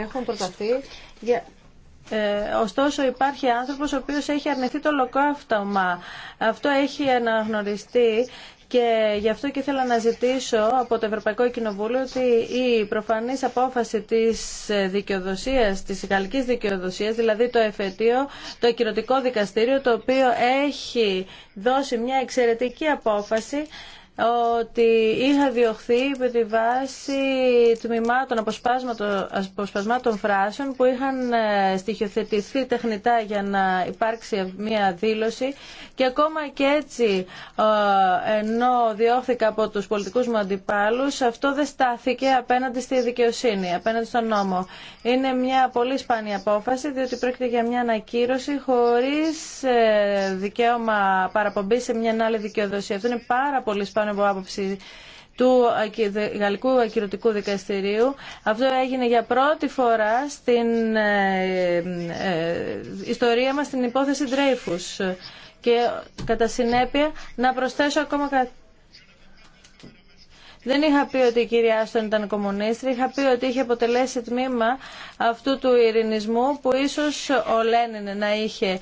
S3: έχουν προταθεί για... ωστόσο υπάρχει άνθρωπος ο οποίος έχει αρνηθεί το αυτόμα. Αυτό έχει αναγνωριστεί και γι' αυτό και ήθελα να ζητήσω από το Ευρωπαϊκό Κοινοβούλιο ότι η προφανής απόφαση της δικαιοδοσίας, της γαλλικής δικαιοδοσίας, δηλαδή το εφετείο, το κυρωτικό δικαστήριο, το οποίο έχει δώσει μια εξαιρετική απόφαση, ότι είχα διωχθεί με τη βάση τμήματων αποσπασμάτων φράσεων που είχαν ε, στοιχειοθετηθεί τεχνητά για να υπάρξει μια δήλωση και ακόμα και έτσι ε, ενώ διώχθηκα από τους πολιτικούς μου αντιπάλους αυτό δεν στάθηκε απέναντι στη δικαιοσύνη, απέναντι στον νόμο. Είναι μια πολύ σπάνια απόφαση διότι πρόκειται για μια ανακύρωση χωρίς ε, δικαίωμα παραπομπή σε μια άλλη δικαιοδοσία. Αυτό είναι πάρα πολύ σπάνιο από άποψη του Γαλλικού Ακυρωτικού Δικαστηρίου. Αυτό έγινε για πρώτη φορά στην ε, ε, ε, ιστορία μας στην υπόθεση Dreyfus. Και κατά συνέπεια να προσθέσω ακόμα κάτι. Δεν είχα πει ότι η κυρία Άστον ήταν κομμουνίστρια, είχα πει ότι είχε αποτελέσει τμήμα αυτού του ειρηνισμού που ίσως ο Λένιν να είχε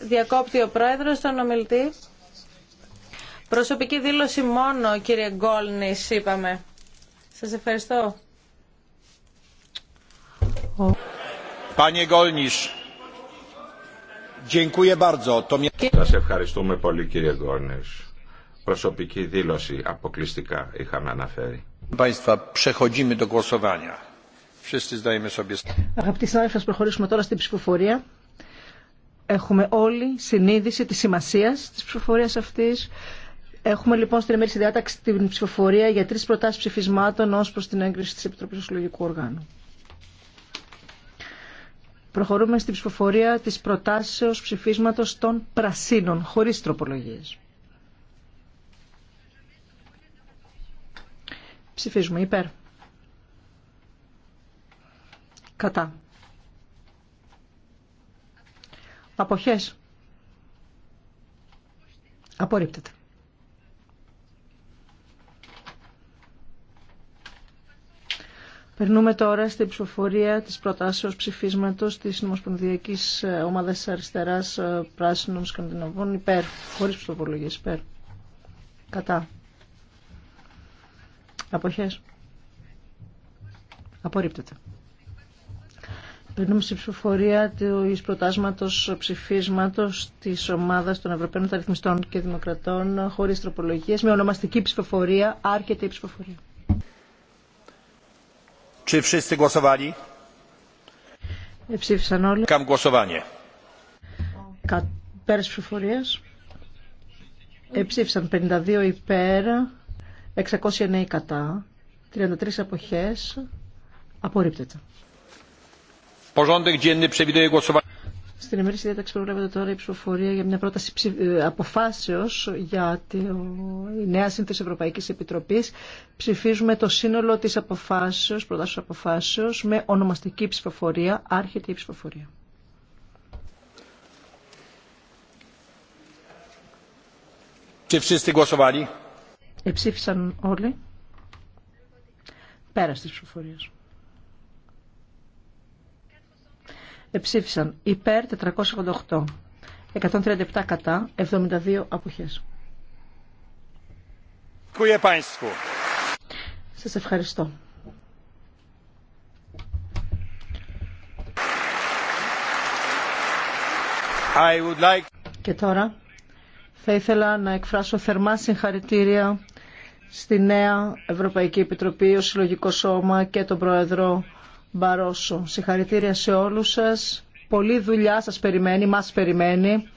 S3: διακόπτει ο πρόεδρος, τον ομιλητή. Προσωπική δήλωση μόνο, κύριε γκόλνη, είπαμε. Σας ευχαριστώ.
S2: Πάνιε Σας ευχαριστούμε πολύ, κύριε Γκόλνης. Προσωπική δήλωση αποκλειστικά είχαμε αναφέρει.
S1: Αγαπητοί συνάδελφοι, ας προχωρήσουμε τώρα στην ψηφοφορία έχουμε όλη συνείδηση της σημασίας της ψηφοφορίας αυτής. Έχουμε λοιπόν στην ημέρηση διάταξη την ψηφοφορία για τρεις προτάσεις ψηφισμάτων ως προς την έγκριση της Επιτροπής Συλλογικού Οργάνου. Προχωρούμε στην ψηφοφορία της προτάσεως ψηφίσματος των πρασίνων, χωρίς τροπολογίες. Ψηφίζουμε υπέρ. Κατά. Αποχές. Απορρίπτεται. Περνούμε τώρα στην ψηφοφορία της προτάσεως ψηφίσματος της Νομοσπονδιακής Ομάδας Αριστεράς ε, Πράσινων Σκανδιναβών υπέρ, χωρίς ψηφοπολογίες υπέρ. Κατά. Αποχές. Απορρίπτεται. Περνούμε στην ψηφοφορία του προτάσματος ψηφίσματος της ομάδας των Ευρωπαίων Ταριθμιστών και Δημοκρατών χωρίς τροπολογίες με ονομαστική ψηφοφορία, άρχεται ψηφοφορία.
S2: Czy wszyscy głosowali? Ψήφισαν όλοι. Καμ głosowanie.
S1: Εψήφισαν 52 υπέρ, 609 κατά, 33 αποχές. Απορρίπτεται.
S2: Porządek dzienny przewiduje głosowanie.
S1: Στην ημερήσια διάταξη προβλέπεται τώρα η ψηφοφορία για μια πρόταση ε, αποφάσεως για τη νέα σύνθεση Ευρωπαϊκής Επιτροπής. Ψηφίζουμε το σύνολο της αποφάσεως, προτάσεως αποφάσεως με ονομαστική ψηφοφορία. Άρχεται η ψηφοφορία. Εψήφισαν όλοι. Πέρα τη ψηφοφορία. Εψήφισαν υπέρ 488, 137 κατά, 72 αποχές. Σας ευχαριστώ.
S2: I would like...
S1: Και τώρα θα ήθελα να εκφράσω θερμά συγχαρητήρια στη νέα Ευρωπαϊκή Επιτροπή, ο Συλλογικό Σώμα και τον Πρόεδρο Μπαρόσο. Συγχαρητήρια σε όλους σας. Πολλή δουλειά σας περιμένει, μας περιμένει.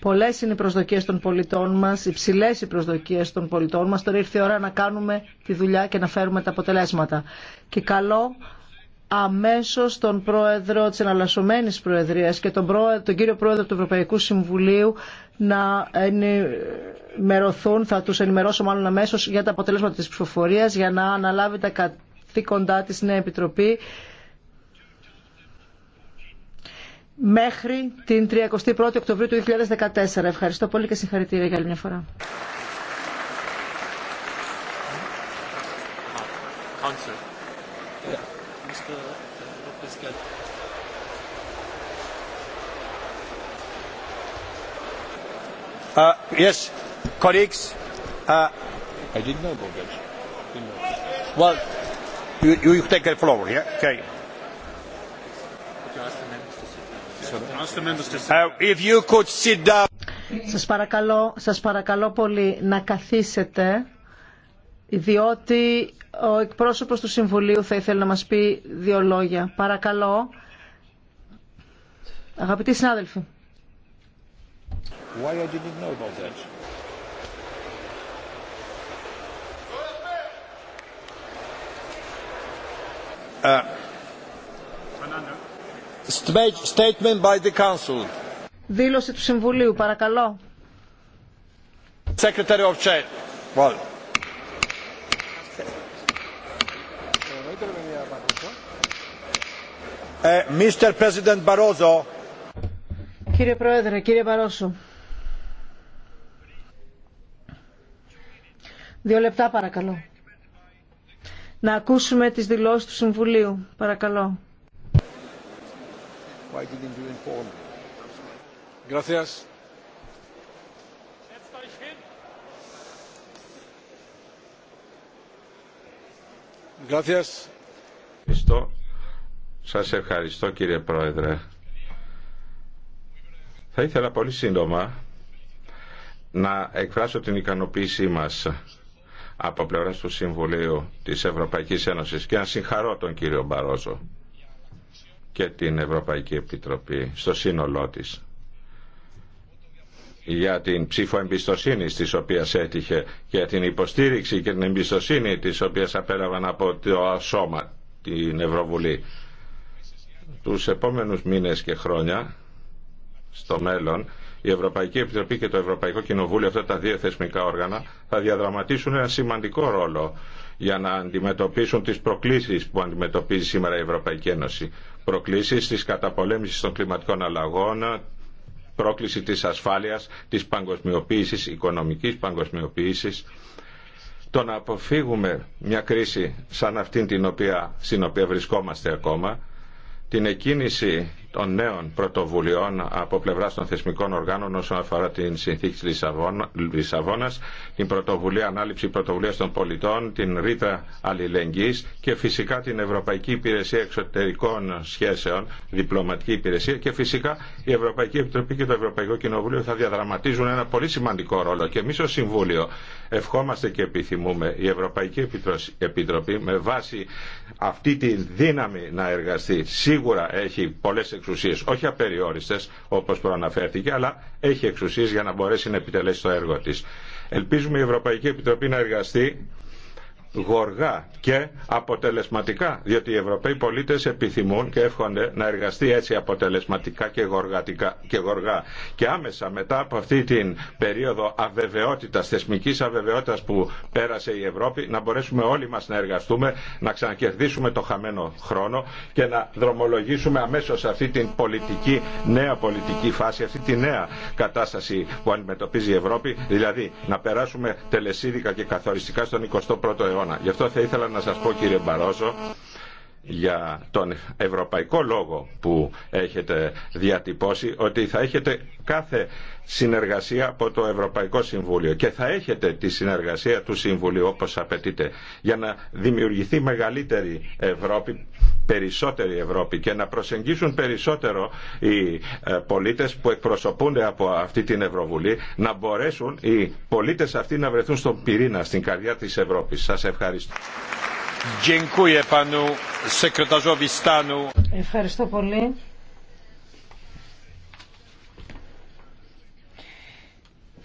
S1: Πολλές είναι οι προσδοκίες των πολιτών μας, υψηλέ οι προσδοκίες των πολιτών μας. Τώρα ήρθε η ώρα να κάνουμε τη δουλειά και να φέρουμε τα αποτελέσματα. Και καλό αμέσως τον πρόεδρο της εναλλασσομένης προεδρίας και τον, τον κύριο πρόεδρο του Ευρωπαϊκού Συμβουλίου να ενημερωθούν, θα τους ενημερώσω μάλλον αμέσως για τα αποτελέσματα της ψηφοφορίας για να αναλάβει τα καθήκοντά της Νέα Επιτροπή μέχρι την 31η Οκτωβρίου του 2014. Ευχαριστώ πολύ και συγχαρητήρια για άλλη μια φορά.
S2: Uh, yes, colleagues. Uh, I didn't know about that. Well, you, you take the floor, yeah? Okay. Uh,
S1: σας παρακαλώ, σας παρακαλώ πολύ να καθίσετε, διότι ο εκπρόσωπος του Συμβουλίου θα ήθελε να μας πει δύο λόγια. Παρακαλώ, αγαπητοί συνάδελφοι.
S2: Why I didn't know about that. Uh, Statement by the Council.
S1: Δήλωση του Συμβουλίου, παρακαλώ.
S2: Secretary of Chair. Well. Uh, ε, Mr. President Barroso.
S1: Κύριε Πρόεδρε, κύριε Barroso, Δύο λεπτά παρακαλώ. Να ακούσουμε τις δηλώσεις του Συμβουλίου, παρακαλώ.
S2: Ευχαριστώ. Σας ευχαριστώ κύριε Πρόεδρε. Θα ήθελα πολύ σύντομα να εκφράσω την ικανοποίησή μας από πλευράς του Συμβουλίου της Ευρωπαϊκής Ένωσης και να συγχαρώ τον κύριο Μπαρόζο και την Ευρωπαϊκή Επιτροπή στο σύνολό της για την ψήφο εμπιστοσύνη τη οποία έτυχε και την υποστήριξη και την εμπιστοσύνη τη οποία απέλαβαν από το σώμα την Ευρωβουλή τους επόμενου μήνε και χρόνια στο μέλλον η Ευρωπαϊκή Επιτροπή και το Ευρωπαϊκό Κοινοβούλιο αυτά τα δύο θεσμικά όργανα θα διαδραματίσουν ένα σημαντικό ρόλο για να αντιμετωπίσουν τις προκλήσεις που αντιμετωπίζει σήμερα η Ευρωπαϊκή Ένωση. Προκλήσεις της καταπολέμησης των κλιματικών αλλαγών, πρόκληση της ασφάλειας, της παγκοσμιοποίησης, οικονομικής παγκοσμιοποίησης. Το να αποφύγουμε μια κρίση σαν αυτήν την οποία, στην οποία βρισκόμαστε ακόμα, την εκκίνηση των νέων πρωτοβουλειών από πλευρά των θεσμικών οργάνων όσον αφορά την συνθήκη τη Λισαβόνα, την πρωτοβουλία, ανάληψη πρωτοβουλία των πολιτών, την ρήτρα αλληλεγγύη και φυσικά την Ευρωπαϊκή Υπηρεσία Εξωτερικών Σχέσεων, διπλωματική υπηρεσία και φυσικά η Ευρωπαϊκή Επιτροπή και το Ευρωπαϊκό Κοινοβούλιο θα διαδραματίζουν ένα πολύ σημαντικό ρόλο. Και εμεί ω Συμβούλιο ευχόμαστε και επιθυμούμε η Ευρωπαϊκή Επιτροπή με βάση αυτή τη δύναμη να εργαστεί. Σίγουρα έχει πολλέ εξουσίες, όχι απεριόριστες όπως προαναφέρθηκε, αλλά έχει εξουσίες για να μπορέσει να επιτελέσει το έργο της. Ελπίζουμε η Ευρωπαϊκή Επιτροπή να εργαστεί γοργά και αποτελεσματικά, διότι οι Ευρωπαίοι πολίτες επιθυμούν και εύχονται να εργαστεί έτσι αποτελεσματικά και, και γοργά. Και άμεσα μετά από αυτή την περίοδο αβεβαιότητας, θεσμικής αβεβαιότητας που πέρασε η Ευρώπη, να μπορέσουμε όλοι μας να εργαστούμε, να ξανακερδίσουμε το χαμένο χρόνο και να δρομολογήσουμε αμέσως αυτή την πολιτική, νέα πολιτική φάση, αυτή τη νέα κατάσταση που αντιμετωπίζει η Ευρώπη, δηλαδή να περάσουμε τελεσίδικα και καθοριστικά στον 21ο αιώνα Γι' αυτό θα ήθελα να σας πω κύριε Μπαρόζο για τον ευρωπαϊκό λόγο που έχετε διατυπώσει ότι θα έχετε κάθε συνεργασία από το Ευρωπαϊκό Συμβούλιο και θα έχετε τη συνεργασία του Συμβουλίου όπως απαιτείται για να δημιουργηθεί μεγαλύτερη Ευρώπη, περισσότερη Ευρώπη και να προσεγγίσουν περισσότερο οι ε, πολίτες που εκπροσωπούνται από αυτή την Ευρωβουλή να μπορέσουν οι πολίτες αυτοί να βρεθούν στον πυρήνα, στην καρδιά της Ευρώπης. Σας ευχαριστώ.
S1: Ευχαριστώ πολύ.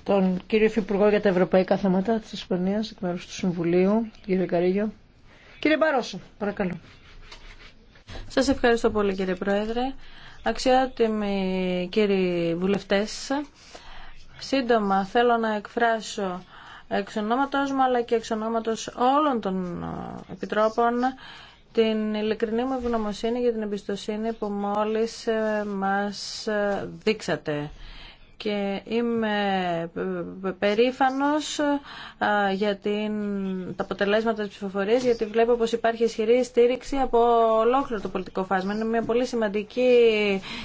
S1: Τον κύριο Υφυπουργό για τα Ευρωπαϊκά Θέματα της Ισπανίας, εκ μέρους του Συμβουλίου, κύριο
S3: Καρίγιο. Κύριε Μπαρόσο, παρακαλώ. Σας ευχαριστώ πολύ κύριε Πρόεδρε. Αξιότιμοι κύριοι βουλευτές, σύντομα θέλω να εκφράσω εξ ονόματός μου αλλά και εξ ονόματος όλων των ε, επιτρόπων την ειλικρινή μου ευγνωμοσύνη για την εμπιστοσύνη που μόλις ε, μας ε, δείξατε και είμαι περήφανος για την, τα αποτελέσματα της ψηφοφορίας γιατί βλέπω πως υπάρχει ισχυρή στήριξη από ολόκληρο το πολιτικό φάσμα. Είναι μια πολύ σημαντική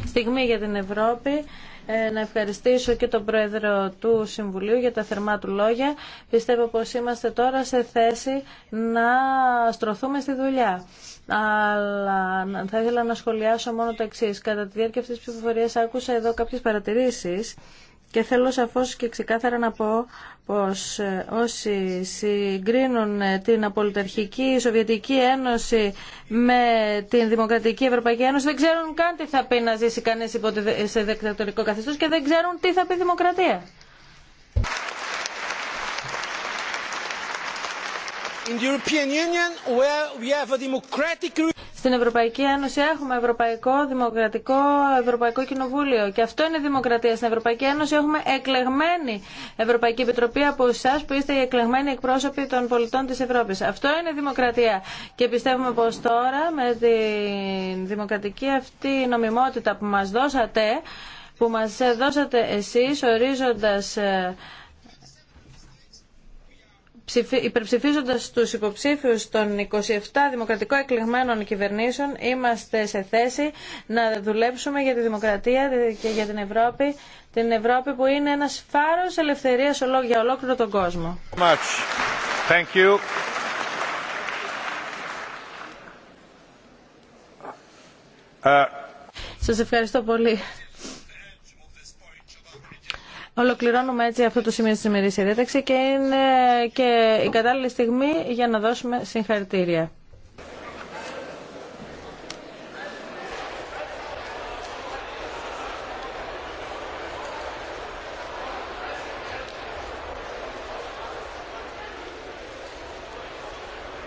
S3: στιγμή για την Ευρώπη ε, να ευχαριστήσω και τον Πρόεδρο του Συμβουλίου για τα θερμά του λόγια. Πιστεύω πως είμαστε τώρα σε θέση να στρωθούμε στη δουλειά. Αλλά θα ήθελα να σχολιάσω μόνο το εξή. Κατά τη διάρκεια αυτής της ψηφοφορίας άκουσα εδώ κάποιες παρατηρήσεις και θέλω σαφώς και ξεκάθαρα να πω πως ε, όσοι συγκρίνουν ε, την απολυταρχική Σοβιετική Ένωση με την Δημοκρατική Ευρωπαϊκή Ένωση δεν ξέρουν καν τι θα πει να ζήσει κανείς σε δεκτατορικό καθεστώς και δεν ξέρουν τι θα πει δημοκρατία. Στην Ευρωπαϊκή Ένωση έχουμε Ευρωπαϊκό Δημοκρατικό Ευρωπαϊκό Κοινοβούλιο. Και αυτό είναι δημοκρατία. Στην Ευρωπαϊκή Ένωση έχουμε εκλεγμένη Ευρωπαϊκή Επιτροπή από εσά που είστε οι εκλεγμένοι εκπρόσωποι των πολιτών τη Ευρώπη. Αυτό είναι δημοκρατία. Και πιστεύουμε πω τώρα με τη δημοκρατική αυτή νομιμότητα που μα δώσατε, που μα δώσατε εσείς ορίζοντας ε, υπερψηφίζοντας τους υποψήφιους των 27 δημοκρατικό εκλεγμένων κυβερνήσεων είμαστε σε θέση να δουλέψουμε για τη δημοκρατία και για την Ευρώπη, την Ευρώπη που είναι ένας φάρος ελευθερίας για ολόκληρο τον κόσμο. Σας ευχαριστώ πολύ. Ολοκληρώνουμε έτσι αυτό το σημείο τη ημερήσια συνέντευξη και είναι και η κατάλληλη στιγμή για να δώσουμε συγχαρητήρια.